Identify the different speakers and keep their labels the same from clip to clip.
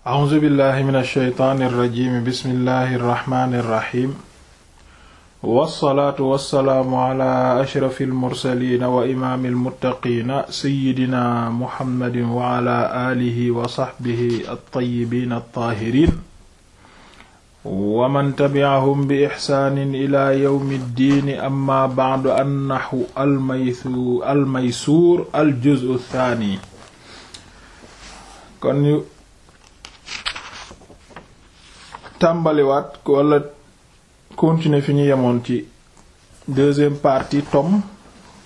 Speaker 1: auzu billahi min alsheytaani irrajimi bismillahi irrahmani irrahim wassalaatu wassalaamu ala ashrafi almursaliina wa imaami almuttaqiina seyidina muhammadin wa ala aalihi wa saxbihi altayibiina altaahiriin wa man tabi'ahum bi ixsaanin ila yawmi ddiini amma ba'du annaxu almaysuur aljuz'u thaani kon tàmbaliwaat wala continuer fi ñu yemoon ci deuxième parti tom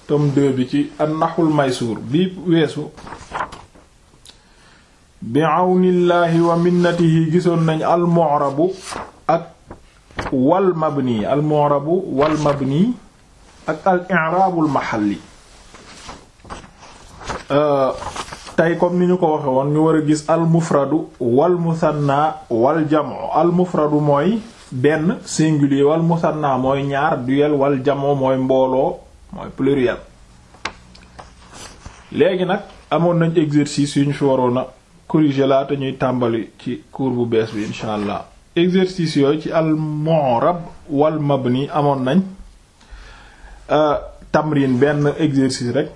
Speaker 1: tome 2 bi ci an-Nahul bi weesu bi àwnillaahi wa minnatihi gisoon nañu al-mu'rabu ak wal mabni al wal mabni ak al-i'raabul mahalli euh, tey comme ni ñu ko waxe woon ñu war a gis al mufradu wal musanna wal jamu al mufradu mooy benn singulier wal musanna mooy ñaar duel wal jamu mooy mbooloo mooy pluriel léegi nag amoon nañ exercice yu ñu fi waroon a laata ñuy tàmbali ci cours bu bees bi insha allah exercice yooyu ci al mu'rab wal mabni amoon nañ euh, tamrin benn exercice rek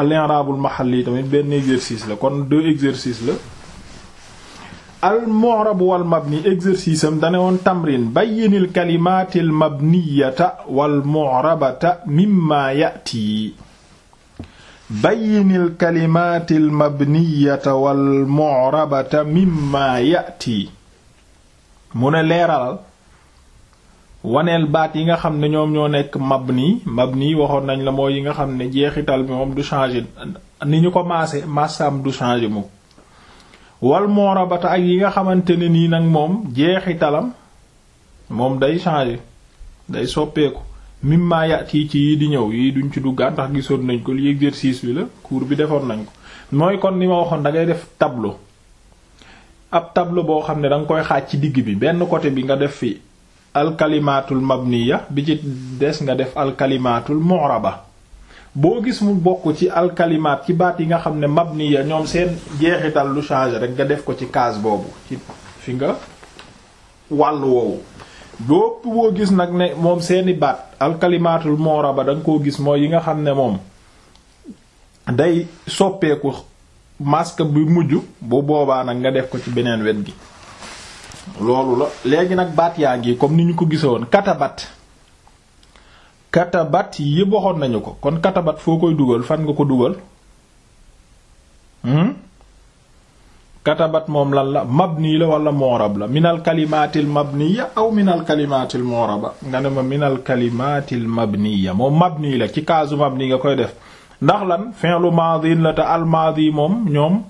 Speaker 1: al-i'raabul mahalli tamit benn exercice la kon deux exercices la al wal mabni exercice am dane woon tamrin bayyinil kalimaatil mabniyata wal mu'rabata mimma ya'ti bayyinil kalimaatil mabniyata wal mu'rabata mimma ya'ti mu ne leeralal waneel baat yi nga xam ne ñoom ñoo nekk nii mabni mabni waxoon nañ la mooy yi nga xam ne jeexital bi moom du changer ni ñu ko maase massam du changer moom wal moorabata ak yi nga xamante ne nii nag moom jeexi jeexitalam moom day changer day soppeeku mimma yati ci yi di ñëw yi duñ ci duggaan ndax gisoon nañ ko li exercice bi la cours bi defoon nañ ko mooy kon ni ma waxoon da ngay def tableau ab tableau boo xam ne danga koy xaaj ci digg bi benn côté bi nga def fi alkalimaatul mabniya bi ci des nga def alkalimaatul ba boo gis mu bokk ci alkalimaat ci baat yi nga xam ne mabniya ñoom seen jeexital lu changé rek nga def ko ci kaas boobu ci fi nga wàll woowu bopp boo gis nag ne moom seeni baat alkalimaatul mu'raba da nga koo gis mooy yi nga xam ne moom day soppeeku masque bi mujj bu boobaa nag nga def ko ci beneen wet gi loolu la léegi nag baat yaa ngi comme ni ñu ko gisoon katabat katabat yëpp waxoon nañu ko kon katabat foo koy dugal fan nga ko dugal hmm? katabat moom lan la nii la wala moorab la minal kalimaatil mabniya aw minal kalimaatil mooraba nga ne ma minal kalimaatil mabniya moom mabni la ci kaasu mabni nga koy def ndax lan fi'lu maadin la te al moom ñoom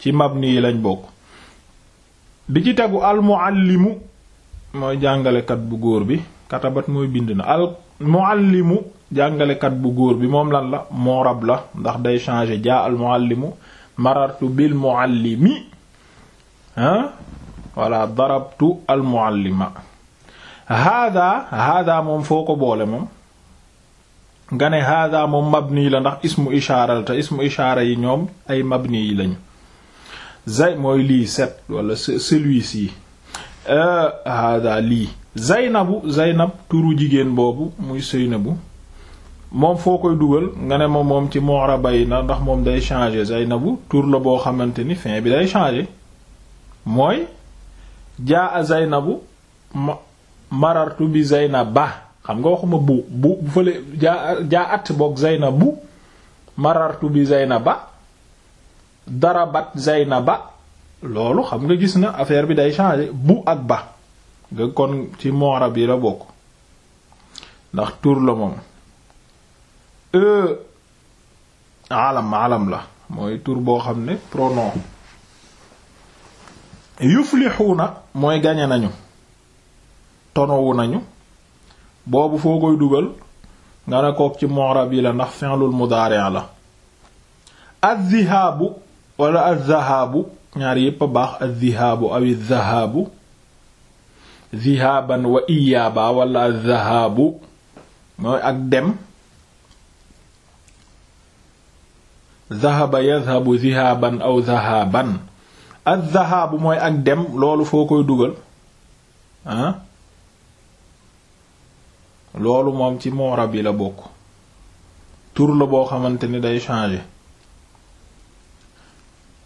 Speaker 1: ci mabni lañ bokk bi ci tegu almuallimu mooy jàngalekat bu góor bi katabat mooy bind na almuallimu jàngalekat bu góor bi moom lan la moo rab la ndax day changer jaa almuallimu marartu bil muallimi ah walla darabtu almuallima hada hada moom foo ko boole moom nga ne hada moom mabni la ndax ismu ishaara la te ismu ishaara yi ñoom ay mabni yi lañu zay mooy lii set wala celui-ci euh, hada lii na zaynab turu jigéen boobu muy bu moom foo koy dugal nga ne ma moom ci mu'rabay na ndax moom day changer bu tur la boo xamante ni fin bi day changer mooy jaa a bu ma marartu bi zaynaba xam nga waxuma bu bu bu fële jaa jaa at boog zaynabu marartu bi zaynaba dara na ba loolu xam nga gis na affaire bi day changer bu ak ba nga kon ci moorab yi la bokk ndax tur la moom e, alam alam la mooy tur boo xam ne prono pronom yuflixuuna mooy gañe nañu tonowu nañu boobu foo koy dugal nga ne kook ci moorab yi la ndax fi'lul mudaari' la addihaabu wala az-zahaabu ñaar yépp a baax az-zihaabu aw az wa iyaaba wala az mooy ak dem zahaba yazhabu zihaaban aw zahaaban az mooy ak dem loolu foo koy dugal ah loolu moom ci moora bi la bokk tur la boo xamante ni day changer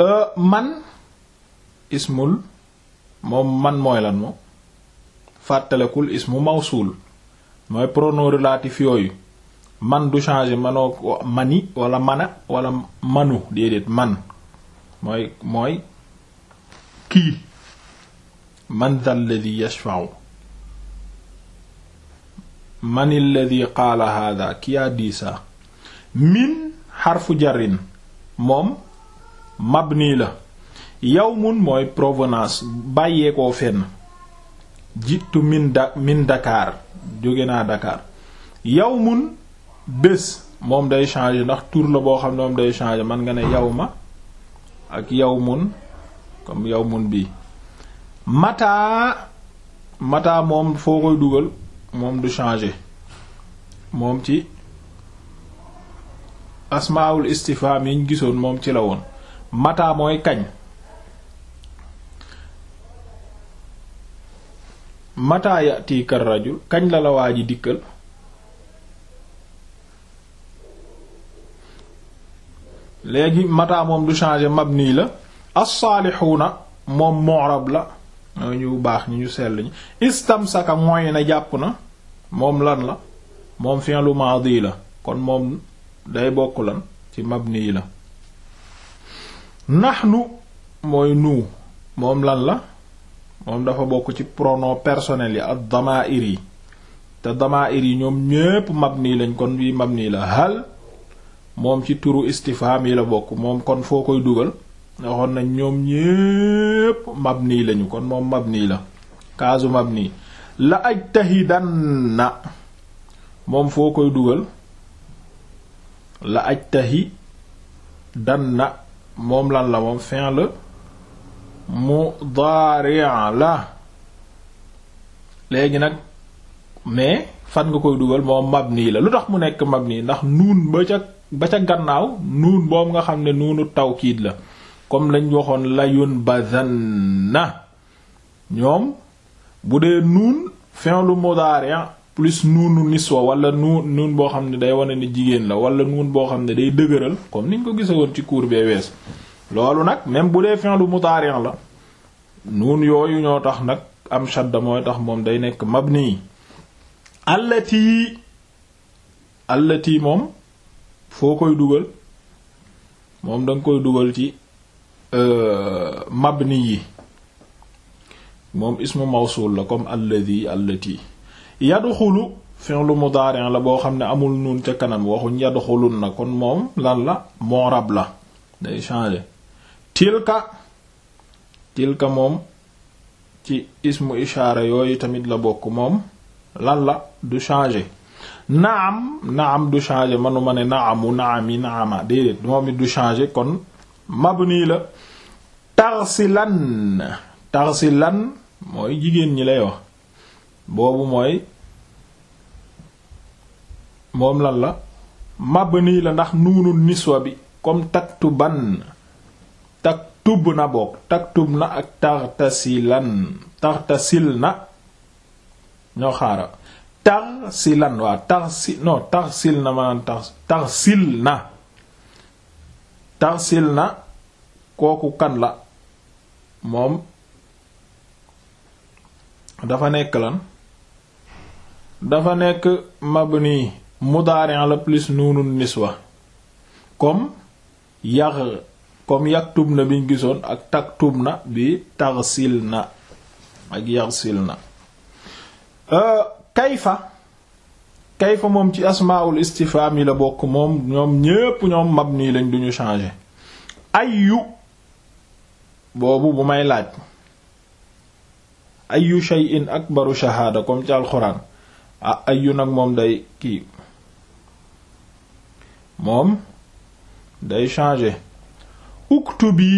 Speaker 1: Euh, man ismul moom man mooy lan moom fàttalekul ismu mawsul mooy pronom relatif yooyu man du changer manoo mani wala mana wala manu déedéet man mooy mooy kii man dha alladhi yashfa'u man qaala hadha ki yaa diisa min xarfu jarin moom nii la mun mooy provenance bàyyeekoo fenn jiitu min da min Dakar jóge naa dakaar Dakar mun bés moom day changer ndax tur la boo xam ne moom day changer man nga ne ma ak yawmun comme yawmun bii mataa mataa moom foo koy dugal moom du changer moom ci asmaul istifham yi ñu gisoon moom ci la woon mata mooy kañ mata yatika rajul kañ la la waa ji dikkal léegi mata moom du changer mabni la as na moom mu'rab la ñu baax ñu ñu sell ñi istamsaka mooy na jàpp na moom lan la moom fi'lu maadi la kon moom day bokk lan ci mabni la nu mooy nuu moom lan la moom dafa bokk ci pronom personnel yi ak damair yi te damair yi ñoom ñépp nii lañ kon bi mabni la hal moom ci turu istifham yi la bokk moom kon foo koy dugal waxoon na ñoom ñépp mabni lañu kon moom mabni la kaasu mabni la ajtahidanna moom foo koy dugal la na moom lan la moom fi'l mudari' la léegi nag mais fan nga koy dugal moom mabni la lu tax mu nekk mabni ndax nuun ba ca ba ca gannaaw nuun boobu nga xam ne nuunu tawkiid la comme lañ waxoon layun bazanna ñoom bu dee nuun fi'lu mudari' plus nuunu niswa wala nuun nuun boo xam ne day wane ni jigéen la wala nuun boo xam ne day dëgëral comme ñu ko woon ci cours bee wees loolu nag même bu dee fi'lu mutaari' la nuun yooyu ñoo tax nag am shadda mooy tax moom day nekk mabni allati allati moom foo koy dugal moom danga koy dugal ci euh, mabni yi moom ismu mawsul la comme alladi allati yadxulu fi'lu mudaari' la boo xam ne amul nun ca kanam waxuñ yadxulun na kon moom lan la rab la day changer tilka tilka moom ci ismu ishaara yooyu tamit la bokk moom lan la du changer naam naam du changer manuma ne naamu naami naama déedéet moom it du changer kon mabni la tarsilan lan mooy jigéen ñi lay wax boobu mooy moom lan la mabni la ndax nuunul niswa bi comme taktuban taktub na boog taktub na ak tartasilan tartasil na ñoo xaara tarsilan waa tarsi non tarsil na maanaam tarsil na tarsil na kooku kan la moom dafa nekk lan dafa nekk mab mabni mudaari' la plus nuunun niswa comme yax comme yaktub na biñ gisoon ak taktub na bi taxsil na ak yaxsil na euh, kayfa kayfa moom ci asmaul istifham yi la bokk moom ñépp ñoom mabni lañ duñu changer ayyu boobu bu may laaj ayyu ak baru shahaada kom ci alxuraan ah yu nag moom day kii moom day changer uktubi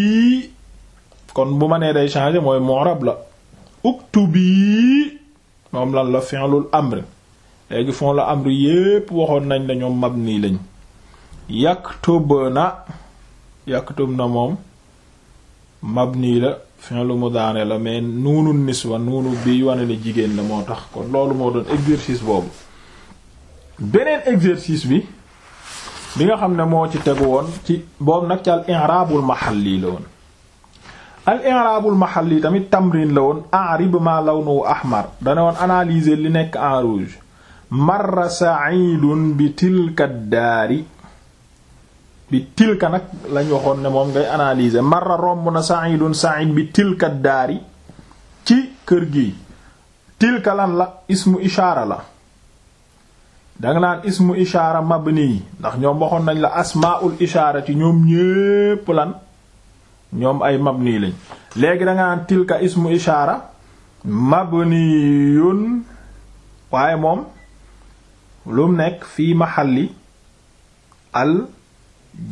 Speaker 1: kon bu ma nee day changer mooy mu'rab la uktubi moom lan la fi'lul amr léegi fon la amr yépp waxoon nañ la ñoom nii lañ yaktubna yaktubna moom nii la fi'lu mudaare la mais nuunu niswa nuunu bi wane ne jigéen la moo tax kon loolu moo doon exercice boobu beneen exercice bi bi nga xam ne moo ci tegu woon ci boobu nag ci al i'raabul mahalli la woon al i'raabul mahalli tamit tamrin la woon a'rib ma lawnu ahmar dana woon analyser li nekk en rouge marra sa'idun bi tilka daari bi tilka nag lañ waxoon ne moom ngay analyser marra romb na sa'idun sa'id bi tilka daari ci kër gi tilka lan la ismu ishaara la danga naan ismu ishaara mabni ndax ñoom waxoon nañ la asmaul ci ñoom ñépp lan ñoom ay mabni lañ léegi danga naan tilka ismu ishaara mabniyun waaye moom lum nekk fii mahalli al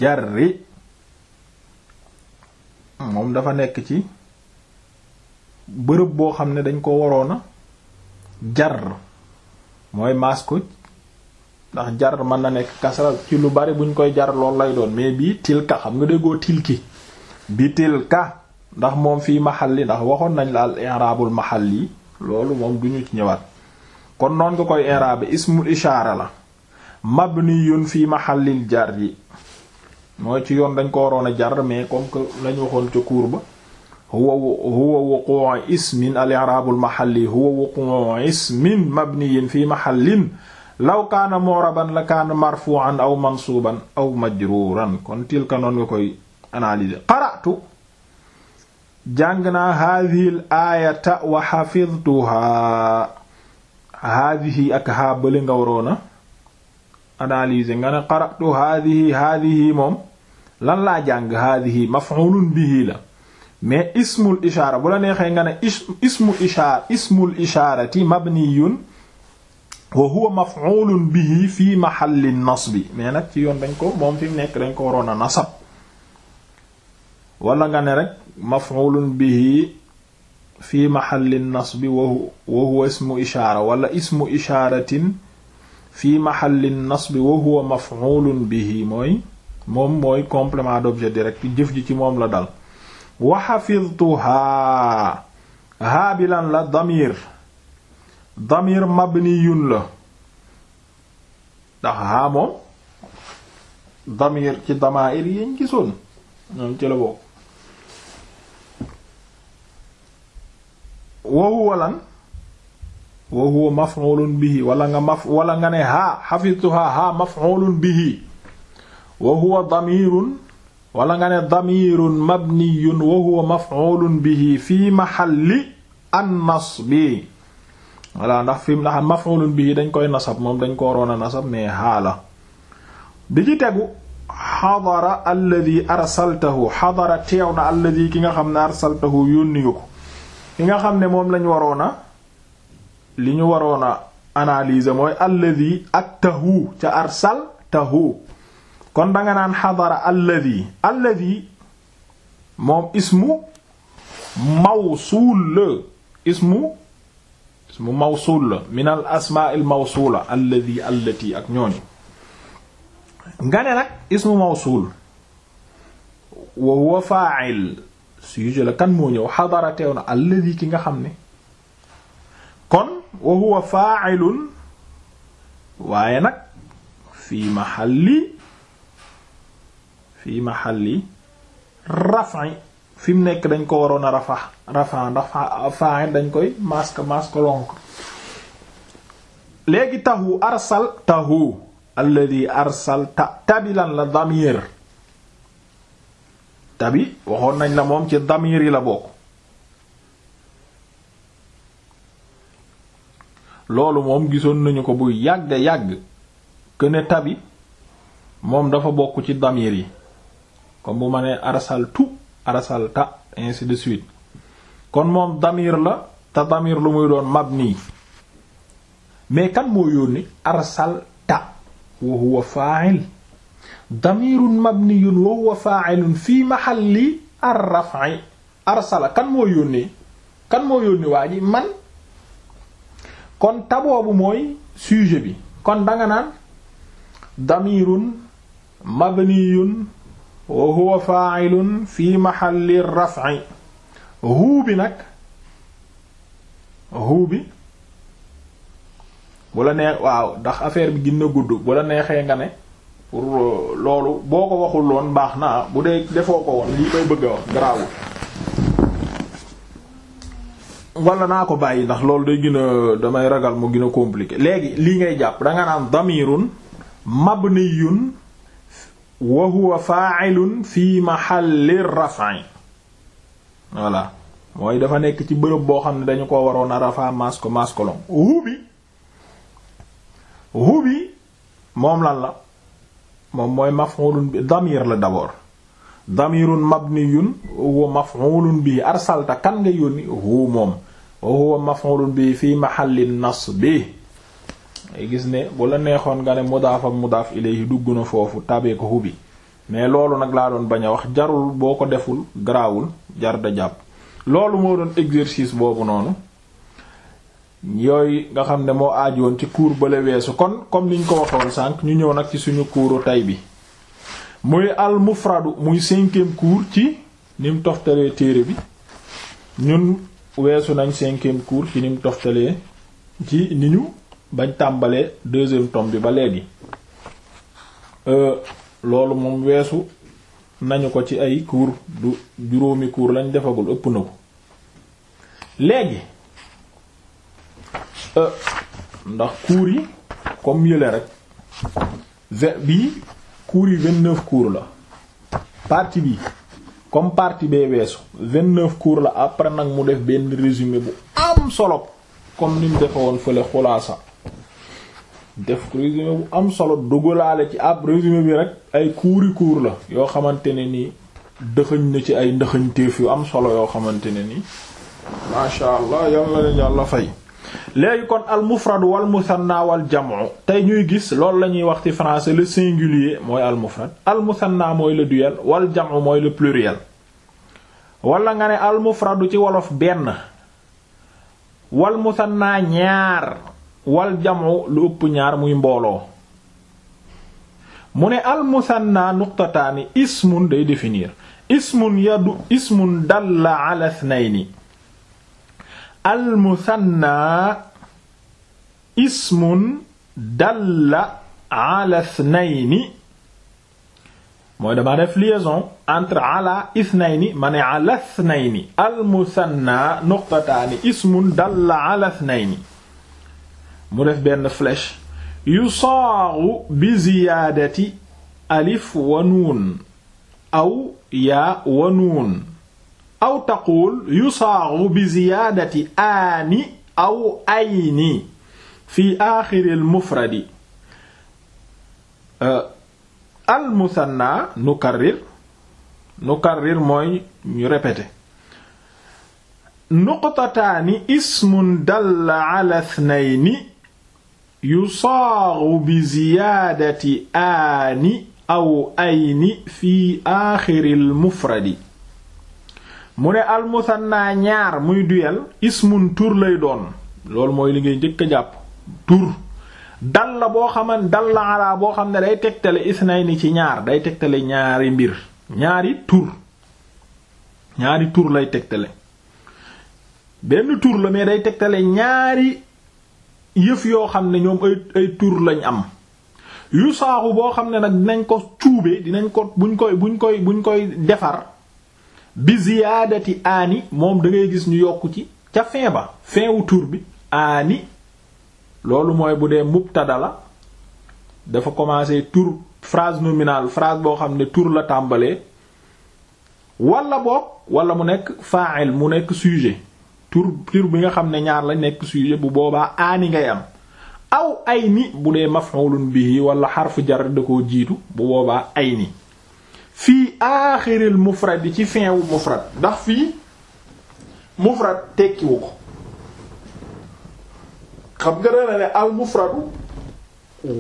Speaker 1: jarri moom dafa nekk ci bërëb boo xam ne dañ ko waroona jar mooy maas ndax jar mën na nekk kasra ci lu bari buñ koy jar lool lay doon mais bii tilka xam nga déggoo tilki bi tilka ndax moom fii maxalli ndax waxoon nañ laal al i'rabul maxalli loolu moom duñu ci ñëwaat kon noon nga koy i'rab ismul ishaara la mabniyun fii maxallil jar yi mooy ci yoon dañ ko waroon a jar mais comme que lañ waxoon ca cours ba huwa huwa wuqu'u ismin al-i'rab al-mahalli huwa wuqu'u ismin mabniyin fi mahallin law kaana mu'raban la kaana marfu'an aw mansuuban aw majruuran kon tilka noon nga koy analyser qara'tu jàng naa hadhihi al-aayata wa hafidhtuha hadhihi ak haa bali nga waroona analyser nga ne qara'tu haadihi haadihi moom lan laa jàng haadihi maf'ulun bihi la mais ismul ishaara bu la neexee nga ne ismu ishaara ismul ishaarati mabniyun wa huwa maf'ulun bihi fi mahalli nasbi mais nag ci yoon dañ ko moom fi mu nekk dañ ko waroon a nasab wala nga ne rek maf'ulun bihi fi mahalli nasbi wa huwa ismu ishaara wala ismu ishaaratin fi mahalli nasbi wa huwa maf'ulun bihi mooy moom mooy complément d'objet direct jëf ji ci moom la dal wa hafiztuhaa haa bi lan la damir damir mabniyun la ndax haa moom damir ci damaa'ir yiñ gisoon ñoom ci la bokk wa huwa lan wa huwa maf'ulun bihi wala nga maf wala nga ne haa hafidtuha haa maf'ulun bihi wa huwa damirun wala nga ne damirun mabniyun wa huwa maf'ulun bihi fi mahalli an-nasbi wala ndax fi ndax maf'ulun bihi dañ koy nasab moom dañ ko waroon a nasab mais haa la di ci tegu xadara alladi arsaltahu xadara teew na alladi ki nga xam ne arsaltahu yónni nga ko ki nga xam ne moom lañ waroona li ñu waroon a analyser mooy alladi ak tahu ca arsal tahu kon danga naan xadara alladi alladi moom ismu mawsuul la ismu ismu mawsuul la min al asmaa il mawsuula alladi allati ak ñooñu nga ne nag ismu mawsuul wa huwa fa'il sujet la kan moo ñëw xadara teew na alladi ki nga xam ni wa huwa fa'ilun waaye nag fii mahalli fii mahalli fi mu nekk dañ ko waroon a rafa rafa ndax fa'il dañ koy masque masque lonk léegi tahu arsal tahu alladi arsal ta tabi lan la damir tabi waxoon nañ la moom ci damir yi la bokk loolu moom gisoon nañu ko bu yàgg yàgg que ne tabi moom dafa bokk ci damir yi comme bu ma nee arsaltu arsalta ainsi de kon moom damir la te damir lu muy doon mabni mais kan moo yónni arsalta wa huwa fa'il damirun mabniyun wa huwa fa'ilun fi mahalli ar-raf'i arsala kan moo yónnee kan moo yónni waa ji man kon taboobu mooy sujet bi kon danga naan damirun mabniyun wa huwa fa'ilun fi mahalli raf'i huu bi nag huu bi bu la neex waaw ndax affaire bi gën na gudd bu la neexee nga ne pour euh, loolu boo ko waxul woon baax naa bu dee defoo ko woon lii may bëgg a wala naa ko bàyyi ndax loolu day gën damay ragal mu gën a léegi lii ngay jàpp danga naan damirun mabniyun wa huwa fa'ilun fi mahalli raf'i voilà mooy dafa nekk ci bërëb boo xam ne dañu ko waroon a rafa masko maskolon hubi hubi moom lan la moom mooy maf'ulun bi damir la d'abord damirun mabniyun wa maf'ulun bi arsalta kan nga yónni hu moom wa huwa maf'ulun bi fii mahalli bi ay gis ne bu la neexoon nga ne mudaaf ak mudaaf ilayhi dugg na foofu tabee ko hubi mais loolu nag laa doon bañ a wax jarul boo ko deful garaawul jar da jàpp loolu moo doon exercice boobu noonu yooyu nga xam ne moo aaj woon ci cours bale weesu kon comme niñ ko waxoon sànq ñu ñëw nag ci suñu cours tay bi muy al mufradu muy cinquième cours ci ni toftalee téere bi ñun weesu nañ cinquième cours ci ni mu toftalee ci ni ñu bañ tàmbalee deuxième tome bi ba léegi euh, loolu moom weesu nañu ko ci ay cours du juróomi cours lañ defagul ëpp na léegi euh, ndax cours yi comme yële rek v bi cours yi vingt-neuf cours la partie bi comme partie bee weesu vingt-neuf cours la après nag mu def benn résumé bu am solo comme ni mu defe woon fële xulaasa def résumé bu am solo dugalaale ci ab résumé bi rek ay kuuri kuur la yoo xamante ne nii dëxëñ na ci ay ndëxëñteef yu am solo yoo xamante ne nii masha allah yal na leen yàlla fay léegi kon al wal musanna wal jamu tey ñuy gis loolu la ñuy wax ci français le singulier mooy al mufrad mooy le duel wal jamu mooy le pluriel wala nga ne al ci wolof benn wal musanna ñaar wal jamu lu ëpp ñaar muy mbooloo mu ne al musanna nuqtataani ismun day définir ismun yadu ismun dalla ala ithnayni almusanna ismun dalla ala thnayni mooy damaa def liaison entre ala ithnayni ma ne ala thnayni almusanna nuqtataani ismun dalla ala thnayni mu def benn flèche yusaaru bi ziyaadati alif wa nuun aw yaa wa nuun aw taqul yusaagu bi ziyaadati aani aw ayni fi aaxiri almufradi euh, almusanna nukarrir nukarrir mooy ñu répété nuqtataani ismun dalla ala ithnayni yusaagu bi ziyaadati aani aw ayni fi aaxiri almufradi mu ne almusanna ñaar muy duel ismun tur lay doon loolu mooy li ngay njëkk a jàpp tur dal la boo xaman dal la alaa boo xam ne day tegtale isnayni ci ñaar day tegtale ñaari mbir ñaari tur ñaari tur lay tegtale benn tur la mais day tegtale ñaari yëf yoo xam ne ñoom ay ay tur lañ am yu saaxu boo xam ne nag dinañ ko cuube dinañ ko buñ koy buñ koy buñ koy defar bi ziyaadati aani moom dangay gis ñu yokk ci ca fin ba fin tur bi aani loolu mooy bu dee mubtada la dafa commencer tur phrase nominale phrase boo xam ne tur la tàmbalee wala boog wala mu nekk fa'il mu nekk sujet tur tur bi nga xam ne ñaar la nekk sujet bu boobaa aani ngay am aw ay ni bu dee maf'ulun bihi wala xarfu jar da ko jiitu bu boobaa ay ni fii aaxiril mufrad yi ci fin wu mufrad ndax fii mufrad tekkiwu ko xam nga dana ne al mufradu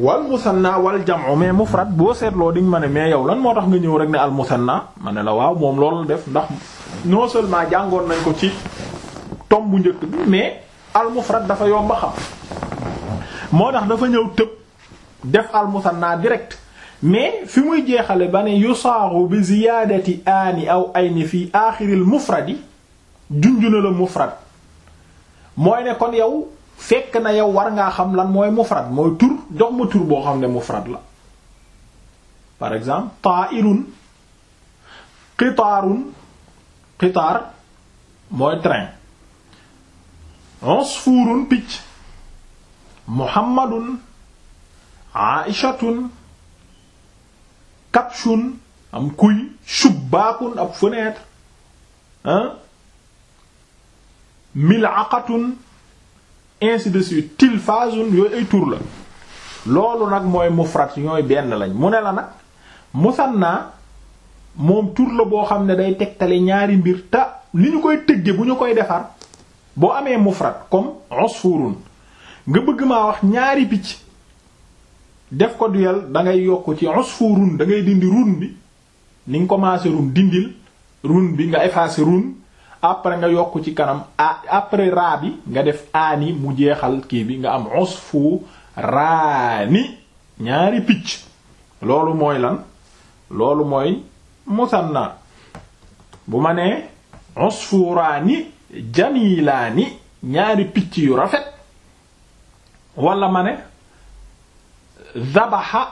Speaker 1: wal musanna wal jam'u mais mufrad boo seetloo diñ ma ne mais yow lan moo tax nga ñëw rek ne al musanna ma ne la waaw moom loolu def ndax non seulement jàngoon nañ ko ci tom bu njëkk bi mais al mufrad dafa yomb xam moo tax dafa ñëw tëb def al musanna direct mais fi muy jeexale ba ne yusaaru bi ziyaadati aani aw ayni fii aaxiril mufradi junjuna la mufrad mooy ne kon yow fekk na yow war ngaa xam lan mooy mufrad mooy tur jox ma tur boo xam ne mufrad la par exemple taa'irun qitaarun qitaar mooy train usfuurun picc muhammadun aishatun kapshun am kuy shubbaakun ab fenêtre ah milaqatun ainsi de suite tilfaazun yooyu ay tur la loolu nag mooy mufrad ñooy benn lañ mu ne la nag musanna moom tur la boo xam ne day tegtale ñaari mbir ta li ñu koy tëgge bu ñu koy defar boo amee mufrad comme usfurun nga bëgg maa wax ñaari picc def ko duyal da ngay yokk ci usfurun da ngay dindi run bi ni nga commencé run dindil run bi nga effacé run après nga yokk ci kanam après raa bi nga def aani mu jeexal kii bi nga am fu usfu ni ñaari picc loolu mooy lan loolu mooy musanna bu ma nee usfuraani jamilaani ñaari picc yu rafet walla ma ne zabaxa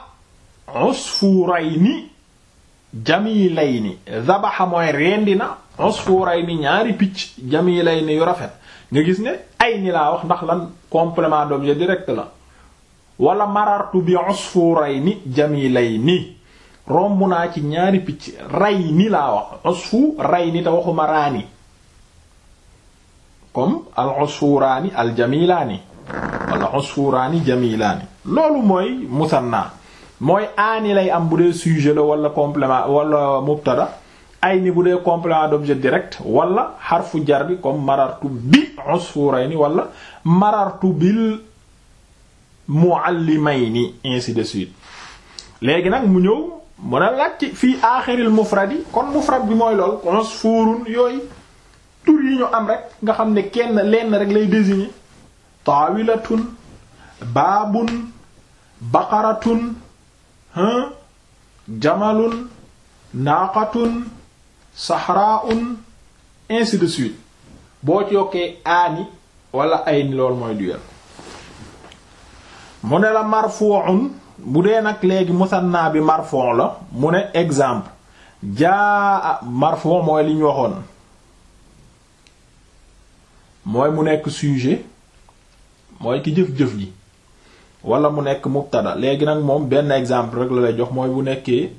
Speaker 1: usfurayni jamilayni zabaxa mooy rendi na usfurayni ñaari picc jamilayni yu rafet nga gis ne ay ni laa wax ndax lan complément d'objet direct la wala marartu bi usfurayni jamilayni romb naa ci ñaari picc ray ni laa wax usfurayni te waxuma raani comme al usfuraani al jamilaani wala usfuraani jamilaani loolu mooy musanna mooy aani lay am bu dee sujet la walla wala complément wala mubtada ay ni bu dee complément d'objet direct walla xarfu jar bi comme marartu bi usfurayni wala marartu bil muallimayni ainsi de suite léegi nag mu ñëw mu ne laaj fii aaxiril mufradi kon mufrad bi mooy lool usfurun yooyu tur yi ñu am rek nga xam ne kenn lenn rek lay désigner taawilatun baabun baqaratun hein jamalun naaqatun sahraun ainsi de suite boo ci yokkee aani wala ay ni loolu mooy duel mu ne la marfu'un bu dee nag léegi musanna bi marfon la mu ne exemple jaa marfu' mooy li waxoon mooy mu nekk sujet mooy ki jëf-jëf ji wala mu nekk mubtada léegi nag moom benn exemple rek la lay jox mooy bu nekkee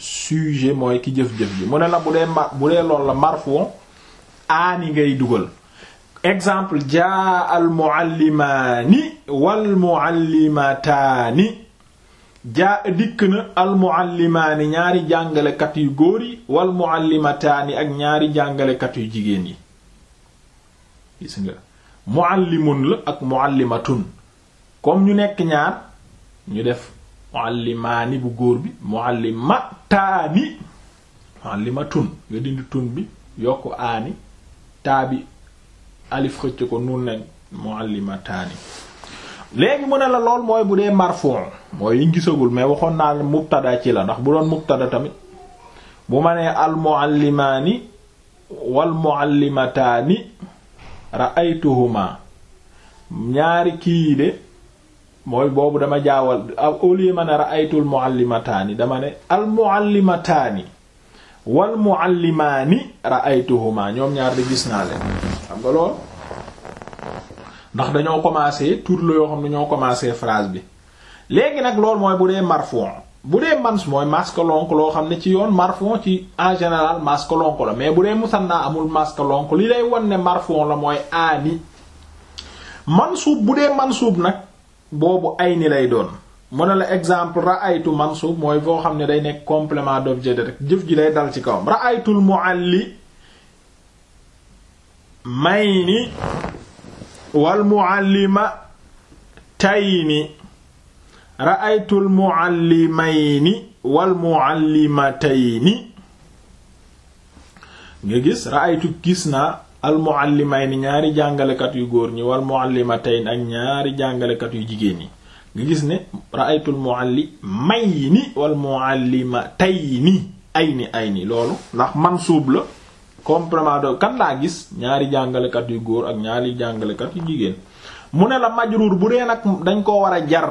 Speaker 1: sujet mooy ki jëf-jëf ji mu ne la bu dee mar bu dee lool la marfon aani ngay dugal exemple jaa al muallimaani jaa dikk na al ñaari jàngalekat yu góor yi wal muallimataani ak ñaari jàngalekat yu jigéen yi gis nga muallimun la ak muallimatun comme ñu nekk ñaar ñu def muallimaani bu góor bi muallimataani muallimatun nga dindi tun bi yokk aani taa alif xëcc ko nun nañ muallimataani léegi mu ne la lool mooy bu dee marfon mooy yi gisagul mais waxoon naa ne mubtada ci la ndax bu doon mubtada tamit bu ma nee al muallimaani wal ñaari kii de mooy boobu dama jaawal au lieu ma ne ra'aytul muallimataani dama ne al muallimataani wal muallimaani ra'aytuhuma ñoom ñaar di gis naa leen xam nga lool ndax dañoo commencé tur la yoo xam ne ñoo commencé phrase bi léegi nag loolu mooy bu dee marfon bu dee mans mooy masculin loo xam ne ci yoon marfon ci en général masculin la mais bu dee musanna amul masculin li lay won ne marfon la mooy aani mansuub bu dee mansuub nag boobu ay ni lay doon mu ne la exemple ra'aytu mansub mooy foo xam ne day nekk complément d'objet direct jëf ji lay dal ci kawam ra'aytul mu'alli may ni wal mu'allima tay ni ra'aytul mu'allimayni wal mu'allimatayni nga gis ra'aytu gis naa almuallimayni ñaari jàngalekat yu góor ñi wal muallimatayn ak ñaari jàngalekat yu jigéen ñi nga gis ne ra'aytul muallimayni wal tey ni ay ni ay ni loolu ndax mansuub la complément de kan laa gis ñaari jàngalekat yu góor ak ñaari jàngalekat yu jigéen mu ne la majruur bu dee nag dañ koo war a jar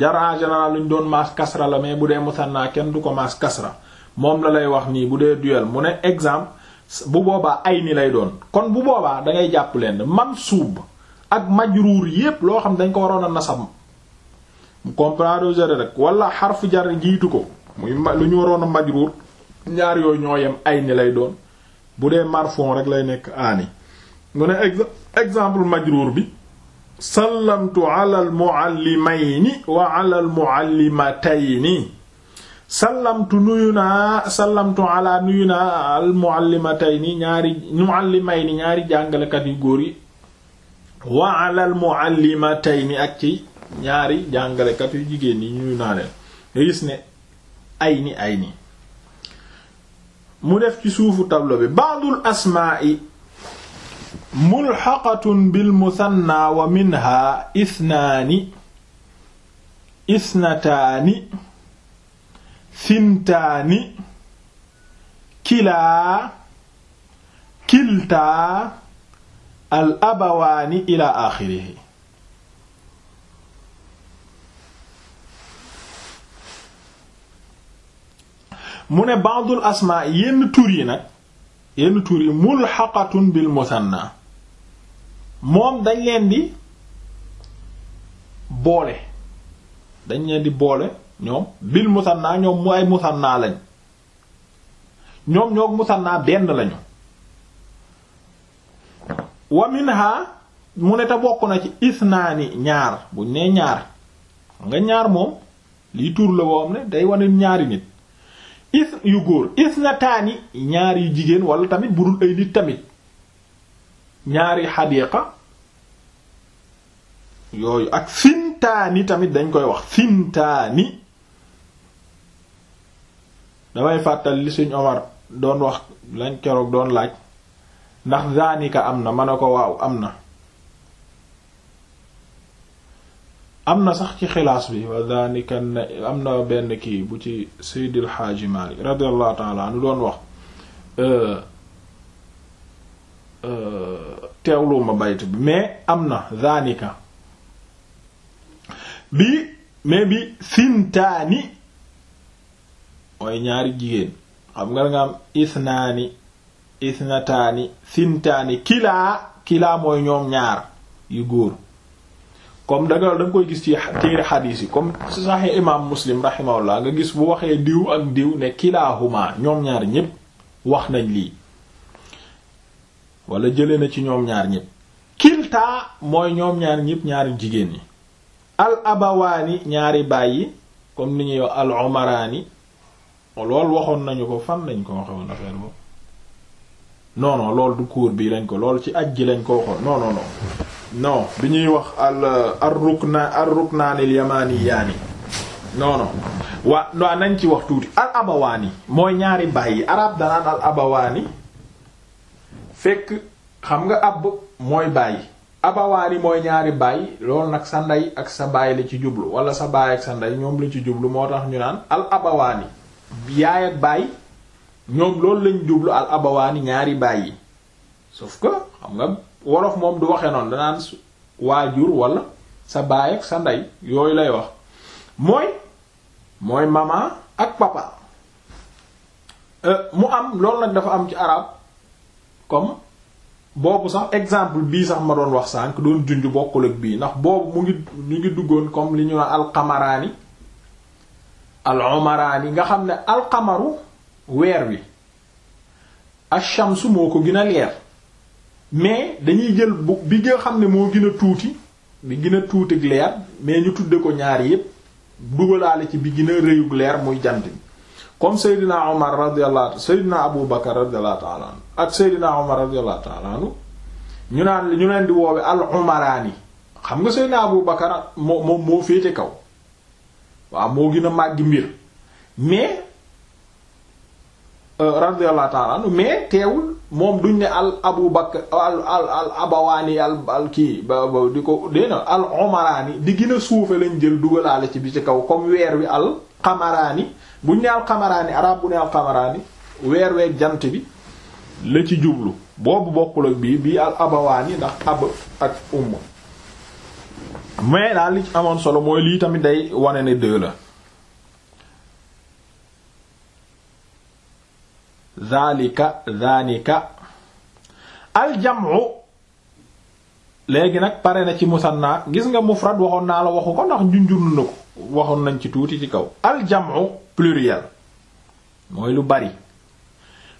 Speaker 1: jar en général luñ doon maas kasra la mais bu dee naa kenn du ko maas kasra moom la lay wax nii bu dee duel mu ne exemple bu boobaa ay ni lay doon kon bu boobaa dangay jàpp leen mansuub ak majruur yépp loo xam dañ ko waroon a nasab mu comprendre géré rek wala xarfu jar jiitu ko muy lu ñu waroon a majruur ñaar yooyu ñoo yem ay ni lay doon bu dee marfon rek lay nekk aani mu ne exemple majruur bi sallamtu ala al muallimayni wa ala al sallamtu nuyu sallamtu ala nuyu naa al muallimatayni ñaari jàngalekat yu góor yi wa ci ñaari jàngalekat yu jigéen ñi mu def ci suufu tableau bi ba'dul asmaa'i mulhaqatun bil wa minha ithnaani ithnataani sintaani kilaa kiltaa al abawaani ila axirihi mu ne ba'dul asmaa yenn tur nag yenn tur yi mulhaqatun bil musanna moom dañ leen di boole dañ leen di boole ñoom bil musanna ñoom mu ay musanna lañ ñoom ñoog musanna benn lañu wa mu ne te bokk na ci isnaani ñaar buñ nee ñaar nga ñaar moom lii tur la boo xam ne day wane ñaari nit is yu góor isnataani ñaar yu jigéen wala tamit budul ay nit tamit ñaari xadiqa yooyu ak sintaani tamit dañ koy wax sintaani damay fàttali li suñ Omar doon wax lañ keroog doon laaj ndax zaanika am na ma ne ko waaw am na am na sax ci xilaas bi wa zaanika am na benn kii bu ci Seydil Xaaji Maalik radiyallahu ta'ala doon wax teewluuma bayt bi mais am na zaanika bi mais bi sintaani mooy ñaari jigéen xam nga nga am isnaani isnataani sintaani kilaa kilaa mooy ñoom ñaar yu góor comme da nga koy gis ci téere xadiis yi comme saxi imaam muslim rahimahullah nga gis bu waxee diw ak diw ne kilaahuma ñoom ñaar ñépp wax nañ lii wala jële na ci ñoom ñaar ñépp kiltaa mooy ñoom ñaar ñépp ñaari jigéen ñi al abawaani ñaari baay yi comme ni ñuy wax al umaraani loolu waxoon nañu ko fan lañ ko waxoon affaire boobu non non loolu du kuur bi lañ ko lool ci aj ji lañ ko waxoon non non bi ñuy wax al euh, ar rukna ar ruknaanil yamaniyaani non wax tuuti al abawaani mooy ñaari baay yi arab fekk xam nga ab mooy baay abawaani mooy ñaari baay lool nag sa ndey ak sa baay la ci jublu wala sa baay ak sa ndey ñoom la ci jublu moo tax ñu naan al abawaani yaay ak baay ñoom loolu lañ jublu al abawaani ñaari baay yi sauf que xam nga wolof moom du waxee noonu danaan waajur wala sa baay ak sa ndey yooyu lay wax mooy mooy maman ak papa euh, mu am loolu nag dafa am ci arab comme boobu sax exemple bii sax ma doon wax sànq doon junj bokkul ak bii ndax boobu mu ngi ñu ngi duggoon comme li ñu naan alqamaraani al umaraani nga xam ne alqamaru weer wi ashamsu moo ko gën a leer mais dañuy jël bu bi nga xam ne moo gën tuuti bi gën a tuuti leer mais ñu tudde ko ñaar yépp dugalaale ci bi gën a leer muy jant bi comme Seydina Omar radiyallahu Seydina Abu Bakar radiyallahu ta'ala ak Seydina Omar radiyallahu ta'ala anhu ñu naan ñu leen di woowe al umaraani xam nga Seydina Abu Bakar moo moo moo féete kaw waa moo gën a màgg mbir mais euh, radiyallahu ta'ala anhu mais teewul moom duñ ne al abu bakar al al abawaani al al kii ba ba di ko déena al omaraani di gën suufe lañ jël dugalaale ci bi ci kaw comme weer wi al xamaraani buñ ne al xamaraani arab bu ne al xamaraani weer weeg jant bi la ci jublu boobu bokkul ak bii bii al abawaani ndax ab ak umma mais daal li amoon solo mooy lii tamit day wane ne deux la zalika zanika aljamu léegi nag pare na ci musanna gis nga mufrad waxoon naa la waxu ko ndax njunjurnu na ko waxoon nañ ci tuuti ci kaw aljamu pluriel mooy lu bari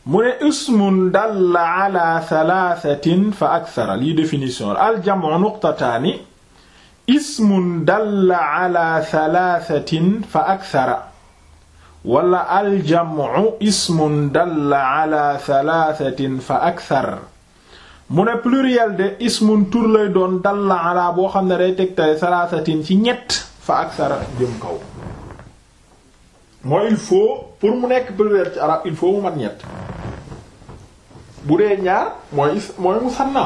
Speaker 1: mu ne ismun dalla ala thalathatin fa akthara lii définition la nuqtataani ismun dalla ala thalathatin fa akthara wala aljamu ismun dalla ala thalathatin fa akthar mu ne pluriel de ismun tur lay doon dalla ala boo xam ne day tegtale thalathatin ci ñett fa akthara jëm kaw mooy il faut pour mu nekk pluriel ci arab il faut mu mat ñett bu ñaar mooy mooy musanna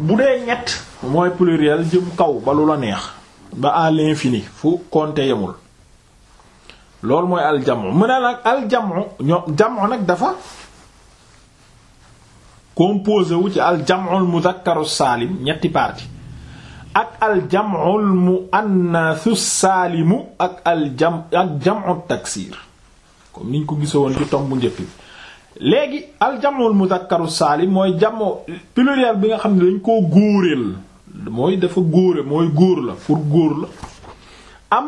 Speaker 1: bu dee ñett mooy pluriel jëm kaw ba la neex ba à l'infini fu compter yemul loolu mooy aljamu mu ne nag aljamu ñoom jamu nag dafa composé wu ci aljamul mudakkaru saalim ñetti parti ak aljamul muannasu saalimu ak aljam ak jamu taksiir comme niñ ko gisoon woon tombu njëkk bi léegi aljamul mudakkaru saalim mooy jamo pluriel bi nga xam ne dañ koo góoreel mooy dafa góore mooy góor la pour góor la am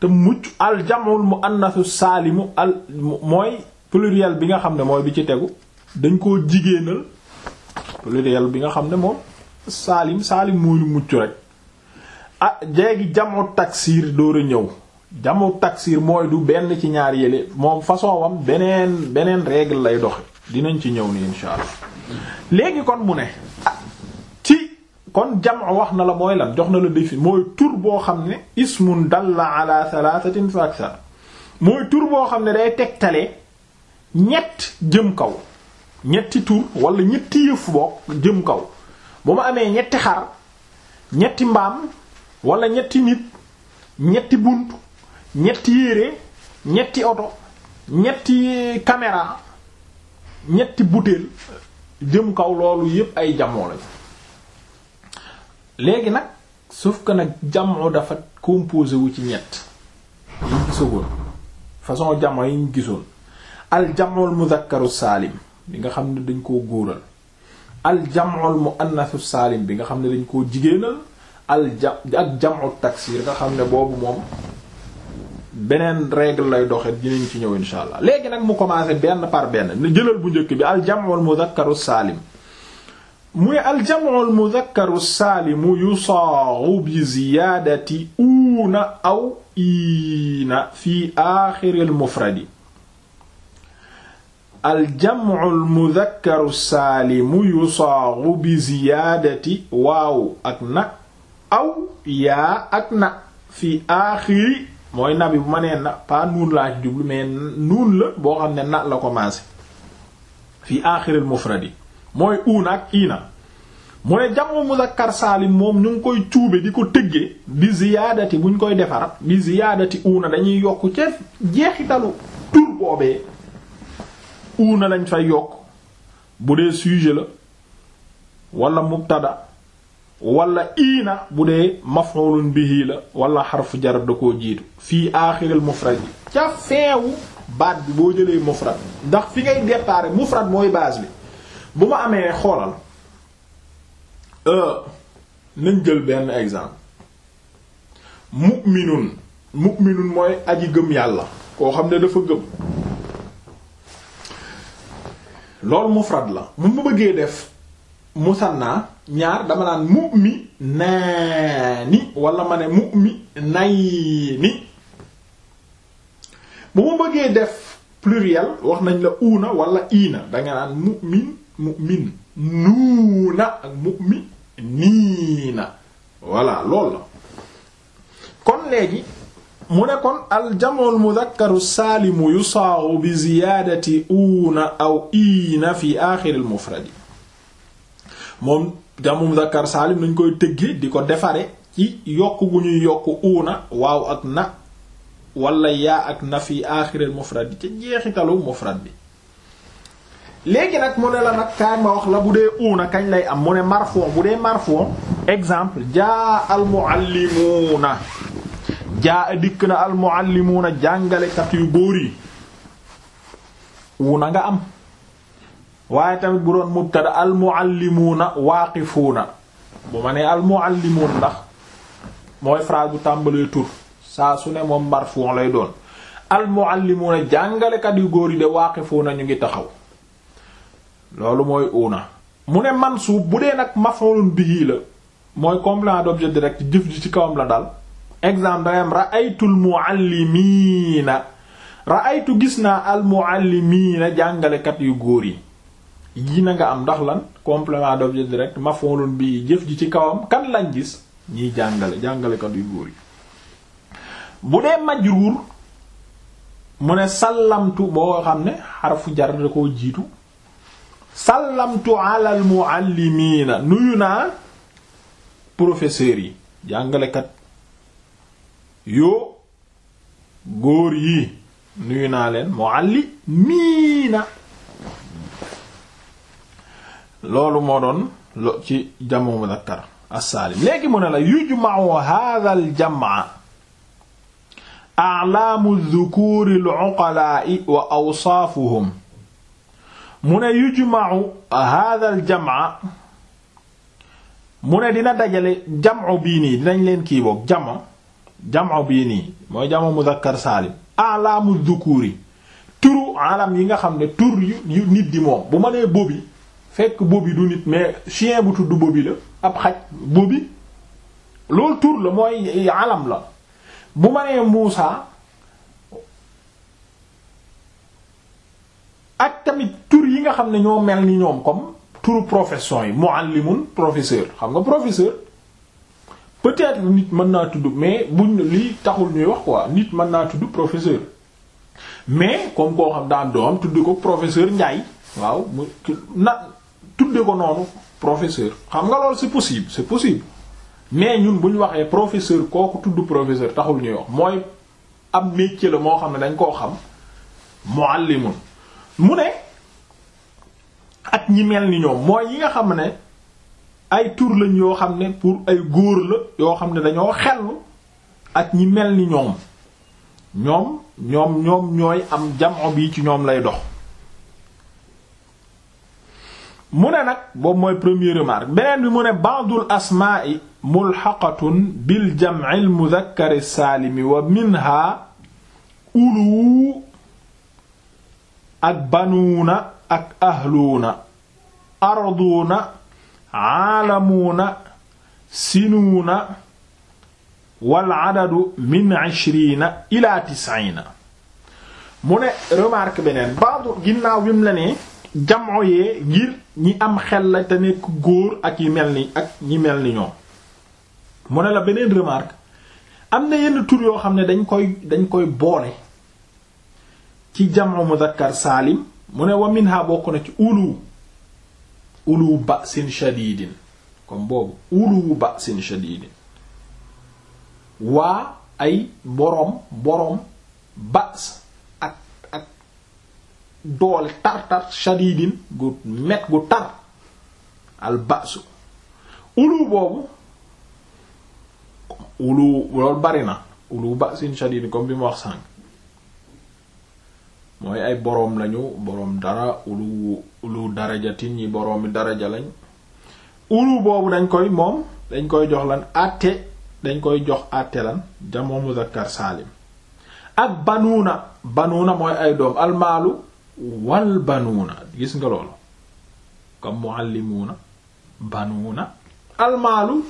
Speaker 1: te mucc aljamul muannasu saalimu al mooy pluriel bi nga xam ne mooy bi ci tegu dañ koo jigéenal pluriel bi nga xam ne moom saalim saalim mooy lu mucc rek ah jéegi jamo taksiir door a ñëw jamu taksir mooy du benn ci ñaar yële moom façon wam beneen beneen règle lay doxe dinañ ci ñëw ni insha allah léegi kon mu ne ah, ci kon jamu wax na la mooy lan jox na la défi mooy tur boo xam ne ismun dalla ala thalathatin fa akthar mooy tur boo xam ne day tegtale ñett jëm kaw ñetti tur wala ñetti yëf bokk jëm kaw bu ma amee ñetti xar ñetti mbaam wala ñetti mit ñetti bunt ñetti yére ñetti oto ñetti caméra ñetti butéel jëm kaw loolu yépp ay jamoo la léegi nag sauf que nag jamoo dafa composé wu ci ñett yi ñu gisoon façon jamoo yi ñu gisoon al jamool mudakkaru saalim bi nga xam ne dañ koo góoral al jamool muannasu saalim bi nga xam ne dañ koo jigéenal al jam ak jamoo taksiir nga xam ne boobu moom beneen règle lay doxe dinañ ci ñëw insha allah léegi nag mu commencé benn par benn ne jëlal bu njëkk bi aljamul mudhakkaru saalim muy aljamul mudhakkaru saalimu yusaaru bi ziyaadati uuna aw iina fi aaxiril mufradi aljamul mudhakkaru saalimu yusaaru bi ziyaadati waaw ak na aw yaa ak na fi aaxiri mooy nabi bu ma nee na pas nuun laa ci jublu mais nuun la boo xam ne na la commencé fii aaxiril mufradi mooy uuna ak iina mu ne jamu muzakkar saalim moom ñu ngi koy cuube di ko tëggee bi ziyaadati buñ koy defar bi ziyaadati uuna dañuy yokk ca jeexitalu tur boobee uuna lañ fay yokk bu dee sujet la wala mubtada wala iina bu dee maf'ulun bihi la wala xarfu jar da koo jiitu fii aaxiril mufrad yi ca feewu baat bi boo jëlee mufrad ndax fi ngay déparé mufrad mooy baas bi bu ma amee xoolal euh, nañ jël benn exemple mu'minun mu'minun mooy aji gëm yàlla koo xam ne dafa gëm loolu mufrad la bu ma bëggee def musanna ñaar dama naan mu'mi naani wala ma ne mu'mi nayni bu ma bëggee def pluriel wax nañ la uuna wala iina danga naan mu'min mu'min nuuna ak mu'mi niina voilà lool la kon léegi mu ne kon aljamul mudakkaru saalimu yusaaru bi ziyaadati uuna aw iina fi aaxiril mufradi moom jamu muzakkar saalim nañ koy tëggee di ko defare ci yokk gu ñuy yokk uuna waaw ak na wala yaa ak na fi aaxiril mufrad bi ca jeexitalu mufrad bi léegi nag mu ne la nag kaay ma wax la bu dee uuna kañ lay am mu ne marfon bu dee marfon exemple jaa al muallimuuna jaa dikk na al muallimuuna jàngalekat yu góor yi uuna nga am waaye tamit bu doon mubtada al muallimuuna waaqifuuna bu ma nee al muallimuun ndax mooy phrase bu tàmbalee tur saa su ne moom marfuun lay doon al muallimuuna jàngalekat yu góor yi de waaqifuuna ñu ngi taxaw loolu mooy uuna mu ne man mansuub bu dee nag maf'ulun bihi la mooy complément d'objet direct jëf ji ci kawam la dal exemple dangayam ra'aytul muallimiina ra'aytu gis naa al jàngalekat yu góor yi yii na nga am ndax lan complément d'objet direct maf'ulun bi jëf ji ci kawam kan lañ gis ñiy jàngale jàngalekat yu góor yi bu dee majruur mu sallamtu boo xam ne xarfu jar da jiitu sallamtu alal muallimiina nuyu naa professeurs yi jàngalekat yoo góor yi nuyu naa loolu moo doon lo ci jamu muzakkar as-saalim léegi mu la yujma'u hadha al-jam'a a'laamu adh-dhukuuri al-'uqalaa'i wa awsaafuhum mu ne al-jam'a mu ne dina dajale jam'u bii nii dinañ leen kii boog jam'u jam'u bii mooy jam'u muzakkar saalim a'laamu adh-dhukuuri yi nga xam ne tur yu moom bu ma bobi fekk boobi du nit mais chien bu tudd boobi la ab xaj boobi loolu tur la mooy alam la bu ma nee Muusa ak tamit tur yi nga xam ne ñoo mel ni ñoom comme turu profession yi muallimun professeur xam nga professeur peut-être nit mën naa tudd mais buñ lii taxul ñuy wax quoi nit mën naa tudd professeur mais comme koo xam daan doom tudd ko professeur Ndiaye waaw na tudde ko noonu professeur xam nga loolu c'est possible c'est possible mais ñun bu ñu waxee professeur kooku tudd professeur taxul ñuy wax mooy ab métier la moo xam ne dañ koo xam muallimun mu ne ak ñi mel ni ñoom mooy ñi nga xam ne ay tur lañ yoo xam ne pour ay góor la yoo xam ne dañoo xellu ak ñi mel ni ñoom ñoom ñoom ñoom ñooy am jamono bii ci ñoom lay dox mu ne nag boobu mooy première remarque beneen bi mu ne ba'dul asmaa'i mulhaqatun bil jam'il mudhakkari saalimi wa minha ulu ak banuuna ak ahluuna arduuna aalamuuna sinuuna wal adadu min ishriina ila tis'iina mu ne remarque beneen ba'du ginnaaw bi mu la nee jamoo yee ngir ñi am xel la te nekk góor ak yi mel ni ak ñi mel ni ñoom mu ne la beneen remarque am na yenn tur yoo xam ne dañ koy dañ koy boole ci jamoo muzakkar saalim mu ne wa bokk na ci ulu ulu ba'sin shadidin comme boobu ulu ba'sin shadidin waa ay boroom boroom ba's doole tar-tar shadidin gu met gu tar al basu ulu boobu ulu loolu bari na ulu basin shadidin comme bi mu wax sànq mooy ay boroom lañu boroom dara ulu ulu darajatin ñi boroomi daraja lañ ulu boobu dañ koy moom dañ koy jox lan àtte dañ koy jox àtte lan jamoo muzakkar saalim ak banuuna banuuna mooy ay doom almaalu wal gis nga loolu comme muallimuuna banuuna almaalu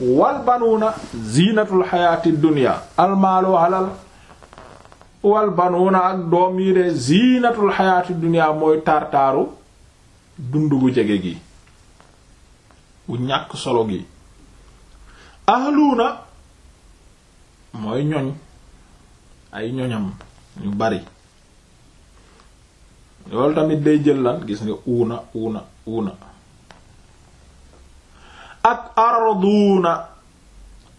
Speaker 1: wal banuuna ziinatul xayaati dunya almaalu alal wal ak doom yi de ziinatul xayaati dunya mooy taar-taaru dund gu jege gi bu ñàkk solo gi ahluuna mooy ñoñ ay ñoñam ñu bari loolu tamit day jël lan gis nga una una una ak araduuna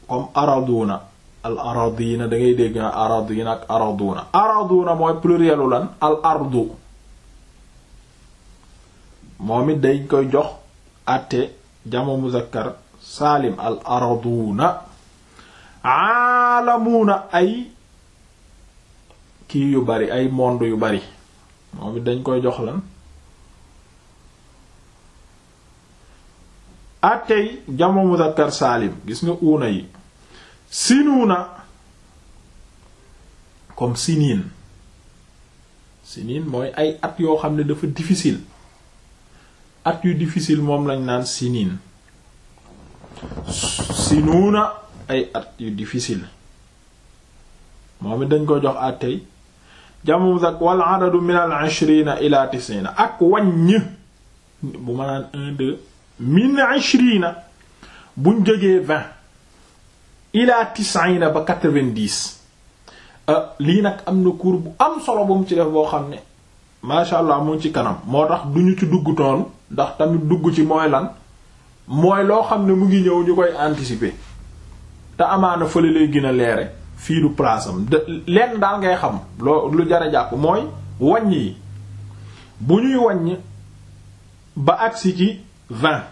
Speaker 1: comme araduuna al aradina da dégg na aradina ak araduuna araduuna mooy plurielu lan al ardu moom it dañ koy jox atte jamu muzakkar saalim al araduuna aalamuuna ay kii yu bari ay monde yu bari moom it dañ koy jox lan attey jamu muzakkar saalim gis nga uuna yi sinuuna comme siniin siniin mooy ay at yoo xam ne dafa difficile at yu difficile moom lañ naan siniin sinuuna ay at yu difficile moom it dañ koy jox attey jamu zak wal adadu min al ishrina ila tisina ak wàññ bu ma naan un deux min ishrina buñ jógee vingt ila tisina ba quatre-vingt-dix euh, lii nag am na cours bu am solo bu mu ci def boo xam ne masha allah mu ci kanam moo tax duñu ci dugg toon ndax tamit dugg ci mooy lan mooy loo xam ne mu ngi ñëw ñu koy anticiper te amaana fële lay gën a leere fii du place lenn daal ngay xam loo lu jar jàpp mooy wàññ yi bu ñuy wàññ ba agsi ci vingt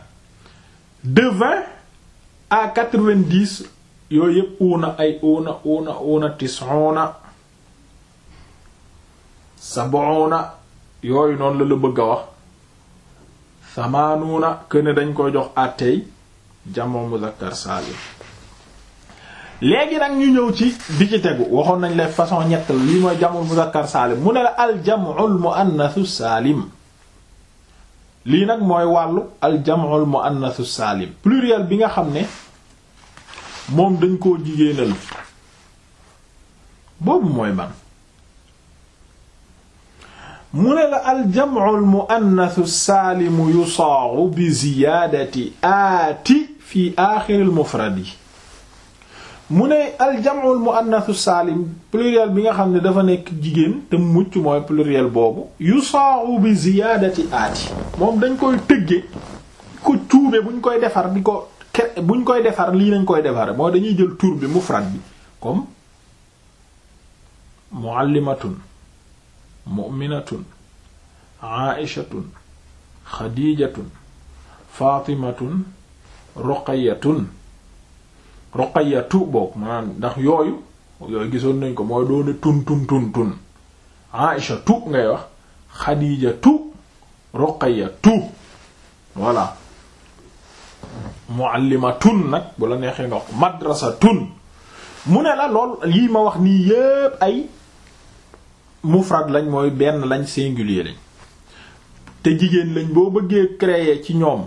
Speaker 1: de vingt à quatre-vingt-dix yooyu yëpp uuna ay yooyu noonu la la bëgg a wax samaanuuna këne dañ koy jox àtteey jamoo muzakkar saalim léegi nag ñu ñëw ci bi ci tegu waxoon nañ la façon ñett la lii mooy jamul muzakkar saalim mu ne la aljamul muannasu saalim lii nag mooy wàllu aljamul muannasu saalim pluriel bi nga xam ne moom dañ koo jigéenal boobu mooy ban mu ne la aljamul muannasu saalimu yusaaru bi ziyaadati aati fi aaxiril mufradi mu ne aljamul muannasu saalim pluriel bi nga xam ne dafa nekk jigéen te mucc mooy pluriel boobu yu yusaaru bi ziyaadati aati moom dañ koy tëgge ko cuube buñ koy defar di ko ke buñ koy defar lii nañ koy defare moo dañuy jël tur bi mufrad bi comme muallimatun mu'minatun aishatun xadiijatun faatimatun ruqayatun ruqayatu boobu maanaam ndax yooyu yooyu gisoon nañ ko mooy doone tun tun tun tun aisha tu ngay wax xadiija tu ruqaya tu voilà muallimatun nag bu la neexee nga wax madrasatun mu ne la lool yii ma wax nii yépp ay mufrad lañ mooy benn lañ singulier lañ te jigéen lañ boo bëggee créer ci ñoom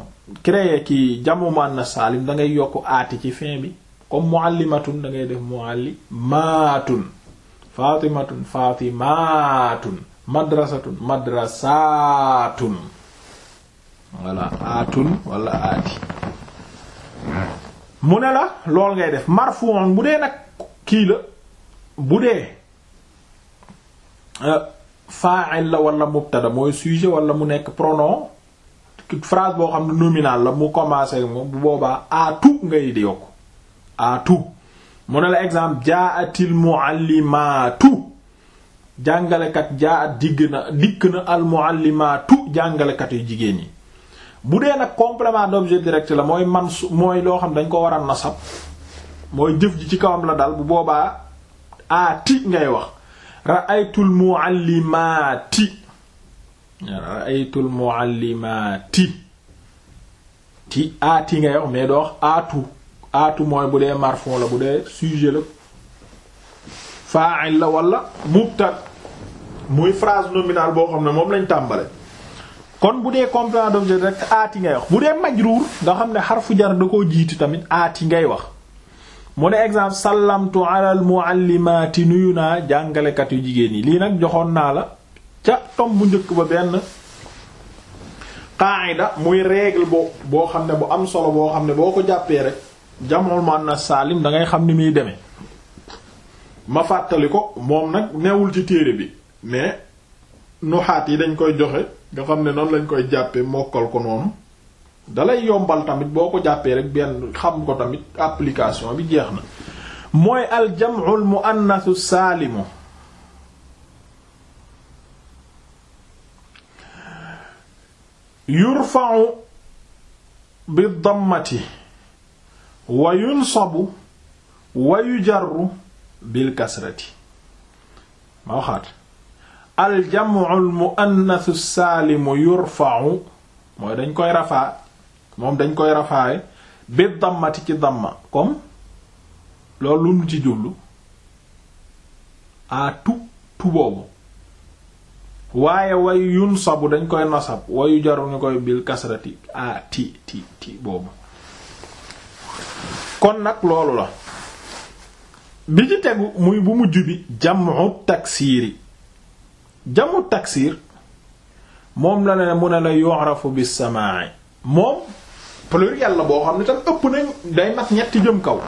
Speaker 1: créer ki jamu muannas salim da ngay yokk aati ci fin bi comme muallimatun da dangay def muallimatun fatimatun fatimatun madrasatun madrasatun wala atun wala aati mu ne la lool ngay def marfu'un bu dee nag kii la bu dee euh, fa'il la wala mubtada mooy sujet wala mu nekk pronom phrase boo xam ne nominal la mu commencé moom bu boobaa aatu ngay di yokk à tout mu exemple jaatil muallimatu jàngalekat jaat digg jàngalekat yu jigéen ñi bu dee nag complément d'objet direct man mooy loo xam dañ ko war a mooy jëf ci kawam la dal bu boobaa aati ngay wax ra'aytul muallimati ra'aytul muallimati ti aati ngay wax mais doo wax aatu aatu mooy bu dee marfon la bu dee la fa'il la wala muy phrase nominale boo xam ne moom lañ tàmbale kon bu dee complément d'objet aati ngay wax bu dee majruur nga xam ne xarfu da koo jiitu tamit aati ngay wax mu ne exemple sallamtu alal muallimaati nuyu naa jàngalekat yu jigéen yi lii nag joxoon naa la ca tom bu njëkk ba benn qaida muy règle bo boo xam ne bu am solo boo xam ne boo ko jàppee rek jamul muannas saalim da ngay xam ni muy demee ma fàttali ko moom nag neewul ci téere bi mais nuxaat yi dañ koy joxe nga ne noonu lañ koy jàppee mokkal ko noonu dalay yombal boo ko jàppee rek benn xam ko tamit application bi jeex na mooy aljamul muannasu saalimu yurfa'u bi dammati wa yunsabu wa yujarru bil kasrati ma waxaat al jam'u al saalimu yurfa'u mooy dañ koy rafaa moom dañ koy rafaawe bi dammati ci damma comme loolu mu ci jublu a tu tu boobu waaye wayu yunsabu dañ koy nasab wayu jaru ñu koy bil kasrati ti ti ti boobu kon nag loolu la bi ci tegu muy bu mujj bi jamu taksiiri jamu taksiir moom la ne mu ne la yu'rafu bis samaa'i moom pluriel la boo xam ne tam ëpp nañ day mat ñetti jëm kaw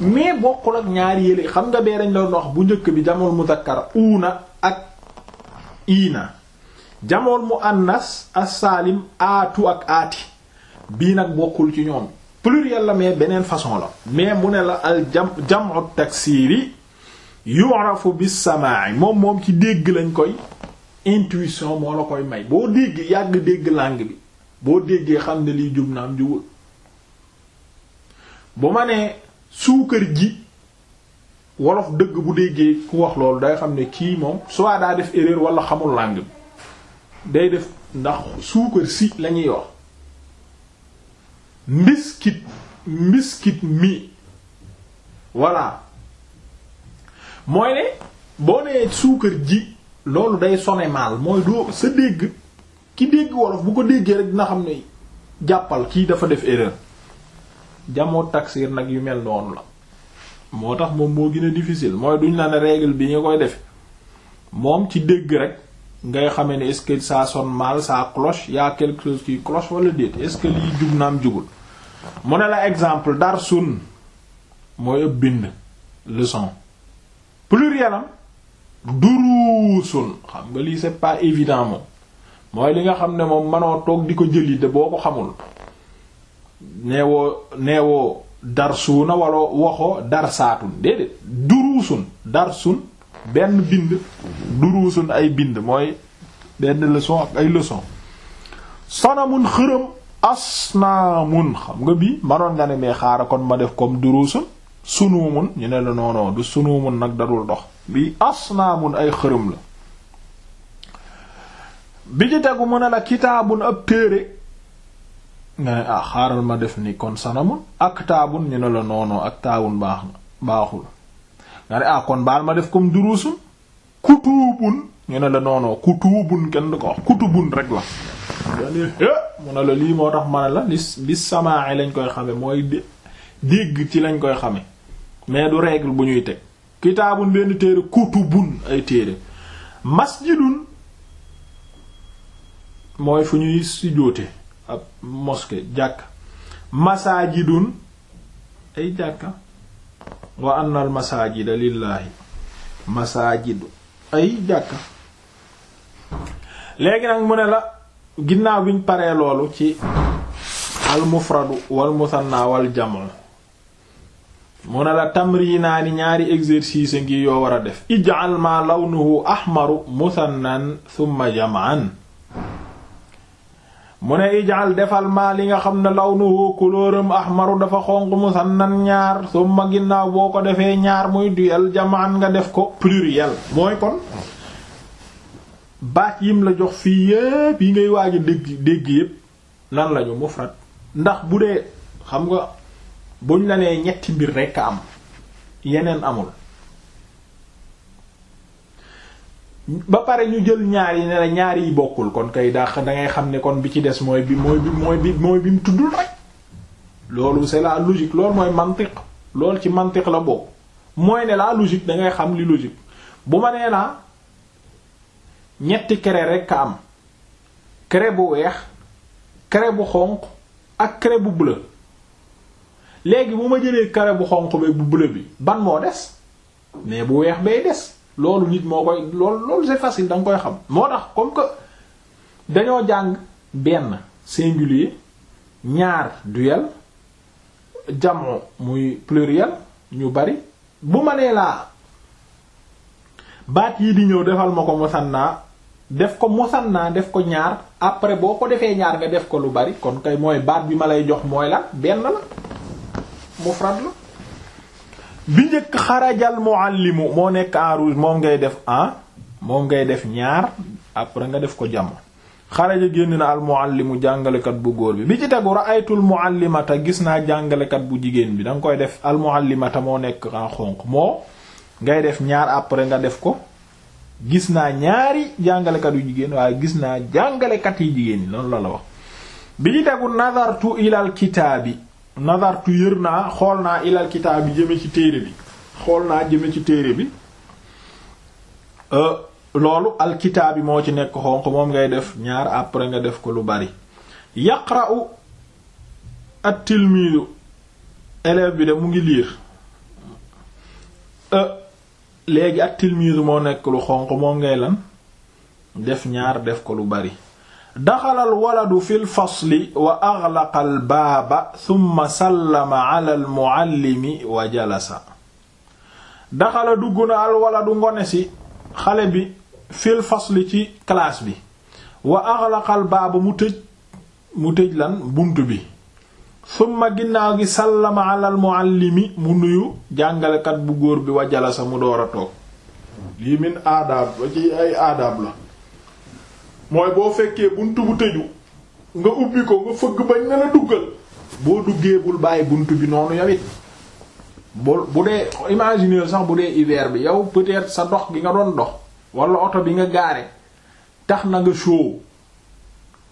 Speaker 1: mais bokkul ak ñaari yële xam nga bee dañ doon wax bu njëkk bi jamul muzakkar uuna ak iina jamul muannas as-saalim aatu ak aati bii nag bokkul ci ñoom pluriel la mais beneen façon la mais mu ne la al jam jam'u taksiri yu'rafu bis samaa'i moom moom ci dégg lañ koy intuition moo la koy may boo dégg yàgg dégg làng bi boo déggee xam ne liy jub na am jubul bu ma nee suukar ji wolof dëgg bu déggee ku wax loolu day xam ne kii moom soit daa def erreur wala xamul làng bi day def ndax suukar si lañuy wax mbiskit mbiskit mi voilà mooy ne boo nee suukar ji loolu day sone mal mooy doo sa dégg ki dégg wolof bu ko déggee rek dina xam ne jàppal kii dafa def erreur jamoo taksir nag yu mel noonu la moo tax moom moo gën a mooy duñ la ne règle bi ñu koy def moom ci dégg rek ngay xamee ne est-ce que ça sonne mal ça cloche y a quelque chose qui cloche wala déet est-ce que lii jub naam jugul mu ne la exemple darsun mooy ëpp bind leçon pluriel am duruusun xam nga lii c'est pas évident moom mooy li nga xam ne moom manoo toog di ko jël jëli de boo ko xamul neewoo neewoo darsuuna wala waxoo darsaatun déedéet duruusun darsun benn bind duruusun ay bind mooy benn leçon ak ay leçon sanamun xërëm asnaamun xam nga bii manoon nga ne mais xaaral kon ma def comme duruusun sunuumun ñu ne la noonoo du sunuumun nag dadul dox bii asnaamun ay xërëm la bi ci tegu mu ne la kitaabun ab téere nga ne ah xaaral ma def ni kon sanamun ak taabun ñu ne la noonoo ak taabun baax na baaxul nga ne ah kon baal ma def comme duruusum kutubun ñu ne la noonoo kutubun kenn ko wax kutubun rek la eh, mu ne la lii moo tax ma ne la li bi samaaxe lañ koy xame mooy dégg ci lañ koy xame mais du règle bu ñuy teg kitaabun benn téere kutubun ay téere masjidun mooy fu ñuy sujjóote ab mosquée jàkk masaajidun ay jàkka wa anna al masajida lillaahi masajidu ay jàkka léegi nag mu ne la ginnaaw biñ paree loolu ci al mufradu wal musanna wal jamu mu ne la tamriinaani ñaari exercice ngi yoo war a def ij'al ma lawnuhu ahmaru musannan thumma jam'an mu ne ijaal defal maa li nga xam ne law nuhu kulóoram ahmaru dafa xonq musannan ñaar summa ginnaaw boo ko defee ñaar muy duel jamaan nga def ko pluriel mooy kon baat yim la jox fii yépp yi ngay waaj a dégg dégg yépp nan lañu mufrad ndax bu dee xam nga buñ la nee ñetti mbir rekk a am yeneen amul ba pare ñu jël ñaari yi ne bokkul kon kay dàq da ngay xam ne kon bi ci des mooy bi mooy bi mooy bi mu tuddul rek loolu c'est la logique loolu mooy mantiq loolu ci mantiq la bokk mooy ne la logique da ngay xam li logique bu ma nee naa ñetti kere rek a am craie bu weex craie bu xonq ak craie bu bula léegi bu ma jëlee craie bu xonq bi bu bula bi ban moo des mais bu weex bay des. loolu nit moo koy loolu loolu c'est facile da koy xam moo tax comme que dañoo jàng benn singulier ñaar duel jamoo muy pluriel ñu bari bu ma nee laa baat yi di ñëw defal ma ko musanna def ko naa def ko ñaar après boo ko defee ñaar nga def ko lu bari kon kay mooy baat bi ma lay jox mooy la benn la mufrad la bi njëkk xarajal muallimu moo nekk en rouge moom ngay def a moom ngay def ñaar après nga def ko jàmm xaraja génn na al muallimu jàngalekat bu góor bi bi ci tegu ra'aytul muallimata gis naa jàngalekat bu jigéen bi danga koy def al muallimata moo nekk en xonq moo ngay def ñaar après nga def ko gis naa ñaari jàngalekat yu jigéen waaye gis naa jàngalekat yi jigéen ñi noonu la la wax bi ci tegu nazartu ilal kitaabi nazartu yër naa xool naa ilal kitaab bi jëme ci téere bi xool naa jëme ci téere bi euh, loolu alkitaab bi moo ci nekk xonq moom ngay def ñaar après nga def ko lu bari yaqra'u at-tilmidu élève bi de mu ngi liir euh, léegi at-tilmidu moo nekk lu xonq moom ngay lan def ñaar def ko lu bari daxalal waladu fil fasli wa axlaqal baaba summa sallama alal muallimi wa jalasa daxala dugg na al waladu ngone si xale bi fil fasli ci classe bi wa axlaqal baaba mu tëj mu tëj lan bunt bi summa ginnaaw gi sallama alal muallimi mu nuyu jàngalekat bu góor bi wa jalasa mu door a lii min aadaab ba ci ay aadaab la mooy boo fekkee buntu bu tëju nga ubbi ko nga fëgg bañ na la duggal boo duggee bul bàyyi buntu bi noonu yawit bul bu dee imaginer sax bu dee hiver bi yow peut-être sa dox gi nga doon dox wala oto bi nga gaare tax na nga show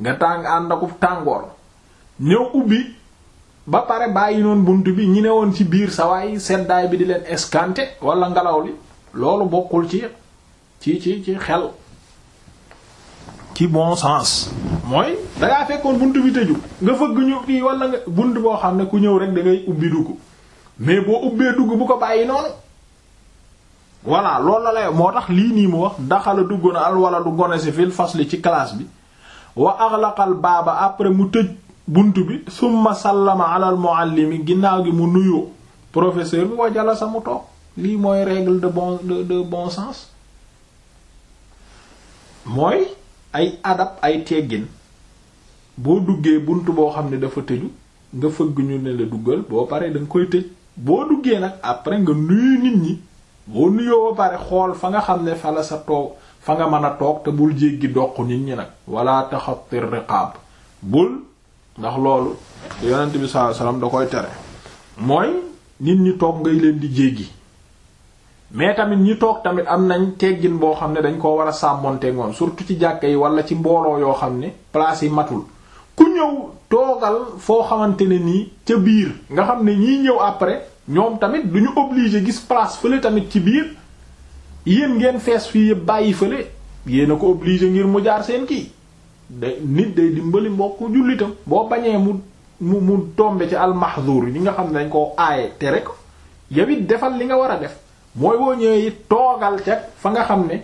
Speaker 1: nga tàng ànd akub tàngoor ñëw ubbi ba pare bàyyi noonu bunt bi ñu ne woon ci biir sawaay seddaay bi di leen escanté walla ngelaw li loolu bokkul ci ci ci ci xel ci bon sens mooy dangaa fekkoon buntu bi tëju nga fëgg ñu fii wala nga boo xam ne ku ñëw rek dangay ngay ubbi dugg mais boo ubbee dugg bu ko bàyyi noonu voilà loolu la lay moo tax lii nii mu wax daxala dugg na al wala du gone si fil fasli ci classe bi wa axlaqal baaba après mu tëj bunt bi summa sallama alal muallimi ginnaaw gi mu nuyoo professeur bi wajala sa mu toog lii mooy règle de bon de de bon sens mooy ay adab ay teggin boo duggee bunt boo xam ne dafa tëju nga fëgg ñu ne la duggal boo paree da koy tëj boo duggee nag après nga nuyu nit ñi boo nuyoo ba pare xool fa nga xam ne fa la sa toog fa nga mën a toog te bul jéggi doq nit ñi nag wala taxatir riqab bul ndax loolu yonent bi sallallahu da koy tere mooy nit ñi toog nga leen di jéggi mais tamit ñi toog tamit am nañ teggin boo xam ne dañ koo war a sàmmonte ngoon surtout ci jàkka yi wala ci mbooloo yoo xam ne place yi matul ku ñëw toogal foo xamante ne nii ca biir nga xam ne ñii ñëw après ñoom tamit du ñu obligé gis place fële tamit ci biir yéen ngeen fees fii yëpp bàyyi fële yéen a ko obligé ngir mu jaar seen kii day nit day dimbali mbokk jullitam boo bañee mu mu mu tombe ci almaxduur yi nga xam ne dañ koo aaye te rek yow it defal li nga war a def mooy boo ñëwee it toogal ca fa nga xam ne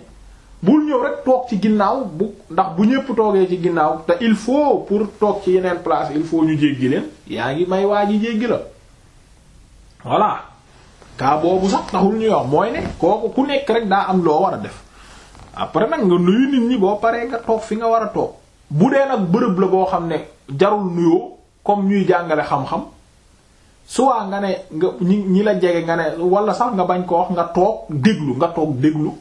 Speaker 1: bul ñëw rek toog ci ginnaaw bu ndax bu ñépp toogee ci ginnaaw te il faut pour toog ci yeneen place il faut ñu jéggi leen yaa ngi may waa ji jéggi la voilà kaa boobu sax taxul ñu wax mooy ne kooku ku nekk rek daa am loo war a def après nag nga nuyu nit ñi boo paree nga toog fi nga war a toog bu dee nag bërëb la boo xam ne jarul nuyoo comme ñuy jàngale xam-xam suwaa nga ne nga ñi ñi la jege nga ne wala sax nga bañ koo wax nga toog déglu nga toog déglu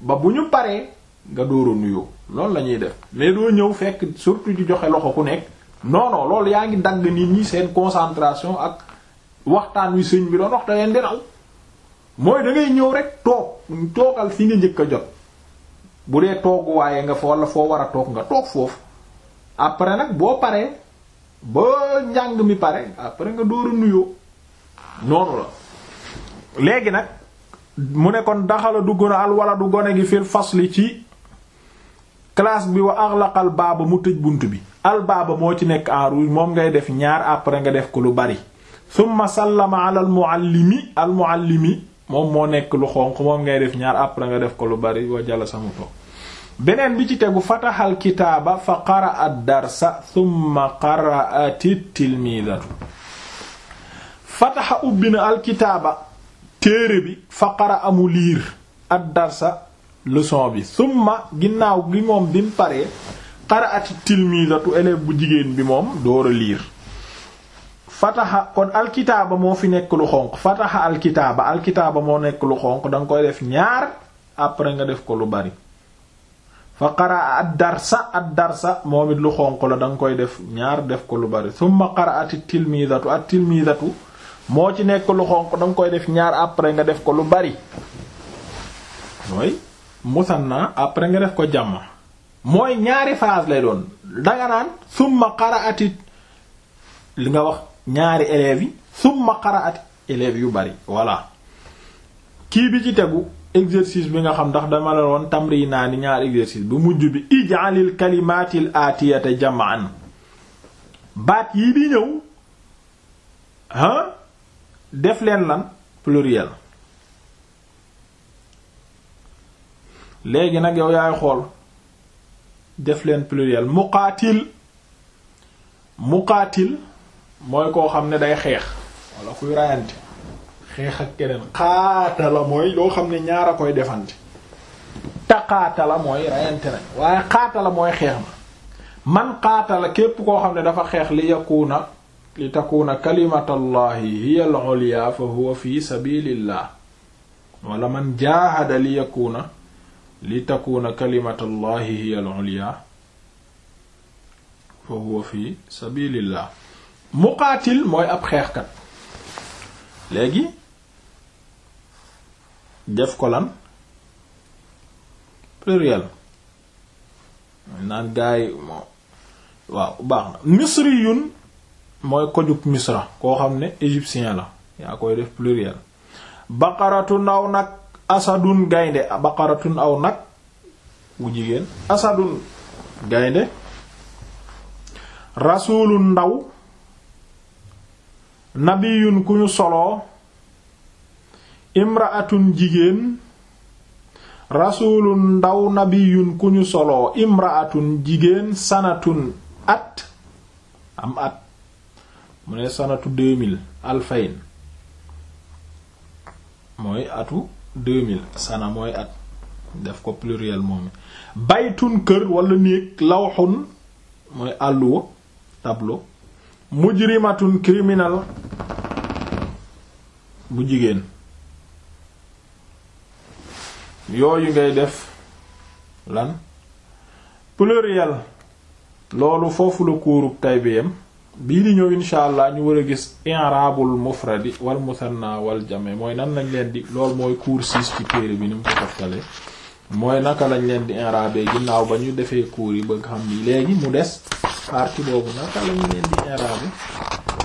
Speaker 1: ba bu ñu paree nga door a nuyoo loolu la ñuy def mais doo ñëw fekk surtout di joxe loxo ku nekk non non loolu yaa ngi dagg nit ñi seen concentration ak waxtaan wi sëñ bi doon wax da leen di raw mooy da ngay ñëw rek toog toogal fi nga njëkk a jot bu dee toog waaye nga fa wala foo war a toog nga toog foofu après nag boo paree. ba njàng mi pare après nga door a nuyoo noonu la léegi nag mu ne kon daxala du gën a al wala du gone gi fil fasli ci classe bi wa axlaqal baaba mu tëj bunt bi al baaba moo ci nekk en rouge moom ngay def ñaar après nga def ko lu bari summa sallama ala al muallimi al muallimi moom moo nekk lu xonq moom ngay def ñaar après nga def ko lu bari wa jala samu toog beneen bi ci tegu fataxal kitaaba fa qara ad darsa thumma qaraati tilmidatu fataxa ubbi na alkitaaba téere bi fa qara amu liir ad darsa leçon bi thumma ginnaaw gi moom bi mu paree qaraati tilmidatu élève bu jigéen bi moom door a liir fataxa kon alkitaaba moo fi nekk lu xonq fataxa alkitaaba alkitaaba moo nekk lu xonq danga koy def ñaar après nga def ko lu bari fa qara ad darsa ad darsa moom it lu xonq la da nga koy def ñaar def ko lu bari summa qara ati tilmidatu at tilmidatu moo ci nekk lu xonq danga koy def ñaar après nga def ko lu bari mooy musanna après nga def ko jàmm mooy ñaari phrase lay doon danga naan summa qara ati li nga wax ñaari élèves yi summa qara ati élèves yu bari voilà kii bi ci tegu exercice bi nga xam ndax dama la woon tamri naa ni ñaar exercice bu mujj bi ij'alil kalimaatil aatiyata jam'an baat yi di ñëw ah def leen lan pluriel léegi nag yow yaay xool def leen pluriel muqaatil muqaatil mooy koo xam ne day xeex walla kuy rayante xeex ak keneen xaatala mooy loo xam ne ñaara koy defante taqaatala mooy rayante nañ waaye xaatala mooy xeex ma man xaatala képp koo xam ne dafa xeex li yakuuna li takuuna kalimatullahi hiya al-ulya fa huwa fi sabilillah wala man jaahada li yakuuna li takuuna kalimatullahi hiya al-ulya mooy ab xeexkat léegi def ko lan pluriel naan gaay moom waaw baax na misriyun mooy kojug misra koo xam ne égyptien la yaa koy def pluriel baqaratun aw nag asadun gaynde baqaratun aw nag wu jigéen asadun gaynde rasulun ndaw nabiyun ku ñu soloo imraatun jigéen rasulun ndaw nabiyun ku ñu soloo imraatun jigéen sanatun at am at mu ne sanatu 2000 mooy atu sana mooy at def ko pluriel moom baytun kër wala néeg lawxun mooy àlluwa tableau mujrimatun criminal bu jigéen yooyu ngay def lan pluriel loolu foofu la kóorub tay bi bii di ñëw insha allah ñu war a gis i'rabul mufradi wal musanna wal jame mooy nan lañ leen di lool mooy cours 6 ci téere bi ni mu ko mooy naka lañ leen di i'rabee ginnaaw ba ñu defee cours yi ba xam ni léegi mu des partie boobu naka lañ leen di i'rabe